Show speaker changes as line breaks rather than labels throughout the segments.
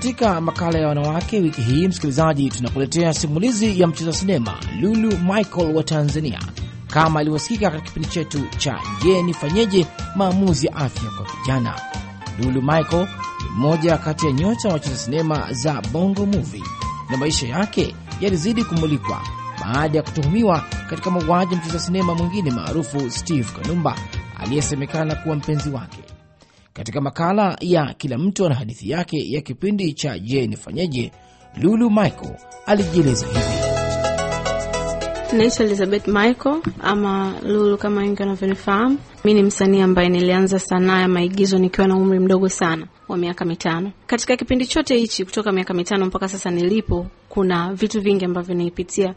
Katika makala ya wanawake wiki hii, msikilizaji, tunakuletea simulizi ya mcheza sinema Lulu Michael wa Tanzania, kama ilivyosikika katika kipindi chetu cha Je, nifanyeje maamuzi ya afya kwa vijana. Lulu Michael ni mmoja kati ya nyota wa cheza sinema za Bongo Movie na maisha yake yalizidi kumulikwa baada ya kutuhumiwa katika mauaji mcheza sinema mwingine maarufu Steve Kanumba aliyesemekana kuwa mpenzi wake. Katika makala ya kila mtu ana hadithi yake ya kipindi cha Je, nifanyeje, Lulu Michael alijieleza hivi. Naitwa Elizabeth Michael ama Lulu
kama wengi wanavyonifahamu. Mi ni msanii ambaye nilianza sanaa ya maigizo nikiwa na umri mdogo sana wa miaka mitano. Katika kipindi chote hichi kutoka miaka mitano mpaka sasa nilipo, kuna vitu vingi ambavyo naipitia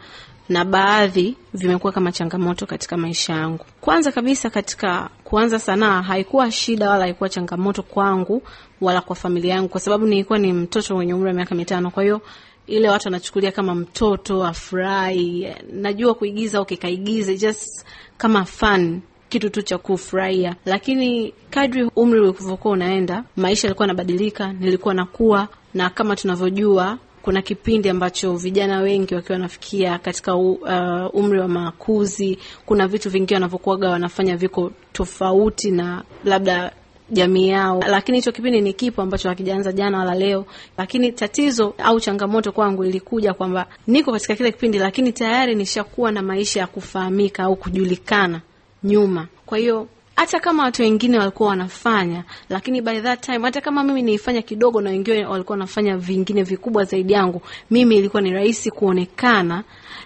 na baadhi vimekuwa kama changamoto katika maisha yangu. Kwanza kabisa, katika kuanza sanaa haikuwa shida wala haikuwa changamoto kwangu wala kwa familia yangu, kwa sababu nilikuwa ni mtoto mwenye umri wa miaka mitano. Kwa hiyo ile watu wanachukulia kama mtoto afurahi, najua kuigiza, au kaigize just kama fun kitu tu cha kufurahia. Lakini kadri umri ulivyokuwa unaenda, maisha yalikuwa yanabadilika, nilikuwa nakuwa, na kama tunavyojua kuna kipindi ambacho vijana wengi wakiwa wanafikia katika u, uh, umri wa makuzi, kuna vitu vingi wanavyokuaga wanafanya viko tofauti na labda jamii yao, lakini hicho kipindi ni kipo ambacho hakijaanza jana wala leo. Lakini tatizo au changamoto kwangu ilikuja kwamba niko katika kile kipindi, lakini tayari nishakuwa na maisha ya kufahamika au kujulikana nyuma, kwa hiyo hata kama watu wengine walikuwa wanafanya, lakini by that time, hata kama mimi nilifanya kidogo na wengine walikuwa wanafanya vingine vikubwa zaidi yangu, mimi ilikuwa ni rahisi kuonekana,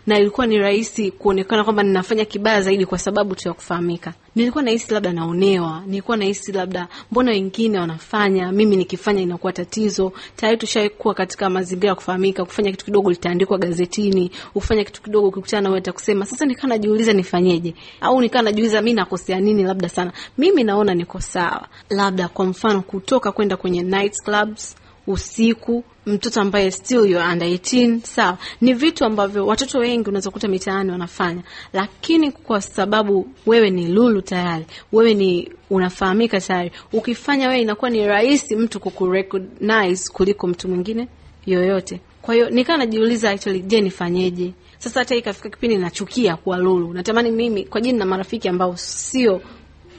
na ilikuwa ni rahisi kuonekana kwamba ninafanya kibaya zaidi, kwa sababu tu ya kufahamika nilikuwa nahisi labda naonewa, nilikuwa nahisi labda mbona wengine wanafanya, mimi nikifanya inakuwa tatizo. Tayari tushakuwa katika mazingira ya kufahamika, kufanya kitu kidogo litaandikwa gazetini, ufanya kitu kidogo ukikutana na wewe atakusema. Sasa nikaa najiuliza nifanyeje, au nikaa najiuliza mi nakosea nini? Labda sana mimi naona niko sawa, labda kwa mfano kutoka kwenda kwenye night clubs usiku, mtoto ambaye still you are under 18 sawa. Ni vitu ambavyo watoto wengi unaweza kukuta mitaani wanafanya, lakini kwa sababu wewe ni lulu tayari, wewe ni unafahamika tayari, ukifanya wewe inakuwa ni rahisi mtu kukurecognize kuliko mtu mwingine yoyote. Kwa hiyo nikaa najiuliza actually, je, nifanyeje? Sasa hata ikafika kipindi nachukia kuwa lulu, natamani mimi kwa jini na marafiki ambao sio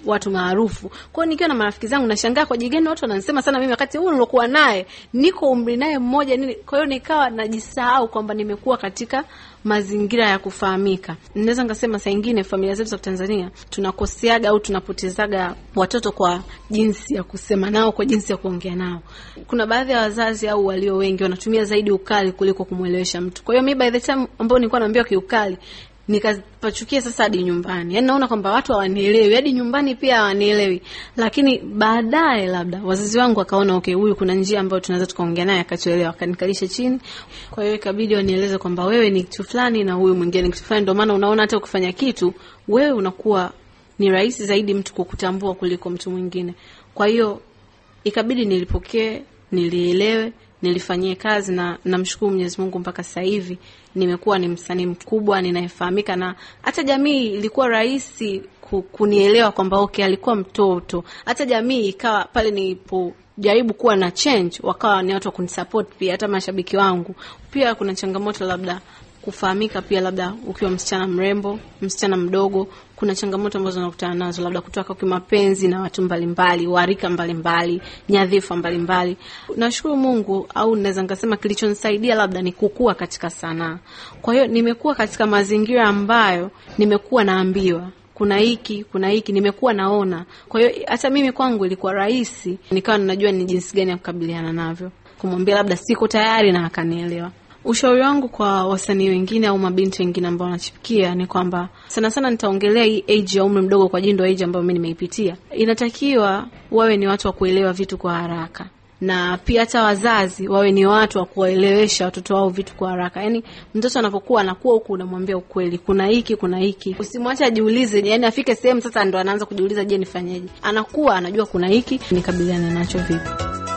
watu maarufu. Kwa hiyo nikiwa na marafiki zangu nashangaa kwa jigeni watu wanasema sana mimi, wakati huu nilokuwa naye niko umri naye mmoja nini. Kwa hiyo nikawa najisahau kwamba nimekuwa katika mazingira ya kufahamika. Naweza nikasema saa ingine familia zetu za Tanzania tunakoseaga au tunapotezaga watoto kwa jinsi ya kusema nao, kwa jinsi ya kuongea nao. Kuna baadhi ya wazazi au walio wengi wanatumia zaidi ukali kuliko kumwelewesha mtu. Kwa hiyo mimi by the time ambao nilikuwa naambiwa kiukali, nikapachukia sasa hadi nyumbani. Yaani naona kwamba watu hawanielewi, hadi nyumbani pia hawanielewi. Lakini baadaye labda wazazi wangu wakaona okay, huyu kuna njia ambayo tunaweza tukaongea naye akatuelewa, akanikalisha chini. Kwa hiyo ikabidi wanieleze kwamba wewe ni kitu fulani na huyu mwingine ni kitu fulani. Ndio maana unaona hata ukifanya kitu wewe unakuwa ni rahisi zaidi mtu kukutambua kuliko mtu mwingine. Kwa hiyo ikabidi nilipokee, nilielewe nilifanyie kazi na namshukuru Mwenyezi Mungu mpaka sasa hivi nimekuwa ni msanii mkubwa ninayefahamika, na hata jamii ilikuwa rahisi kunielewa kwamba okay, alikuwa mtoto. Hata jamii ikawa pale nilipojaribu jaribu kuwa na change, wakawa ni watu wa kunisupport pia, hata mashabiki wangu pia. Kuna changamoto labda kufahamika pia, labda ukiwa msichana mrembo, msichana mdogo, kuna changamoto ambazo unakutana nazo, labda kutoka kimapenzi na watu mbalimbali, warika mbalimbali, nyadhifa mbalimbali. Nashukuru Mungu au naweza nikasema kilichonisaidia labda ni kukua katika sanaa. Kwa hiyo nimekuwa katika mazingira ambayo nimekuwa naambiwa kuna hiki kuna hiki, nimekuwa naona. Kwa hiyo hata mimi kwangu ilikuwa rahisi, nikawa ninajua ni jinsi gani ya kukabiliana navyo, kumwambia labda siko tayari na akanielewa. Ushauri wangu kwa wasanii wengine au mabinti wengine ambao wanachipikia ni kwamba sana sana nitaongelea hii age ya umri mdogo kwa jindo age ambayo mimi nimeipitia. Inatakiwa wawe ni watu wa kuelewa vitu kwa haraka na pia hata wazazi wawe ni watu wa kuwaelewesha watoto wao vitu kwa haraka. Yani mtoto anapokuwa anakuwa huku, unamwambia ukweli, kuna hiki, kuna hiki, usimwache ajiulize. Yani afike sehemu sasa ndo anaanza kujiuliza, je, nifanyeje? Anakuwa anajua kuna hiki, nikabiliana nacho vipi?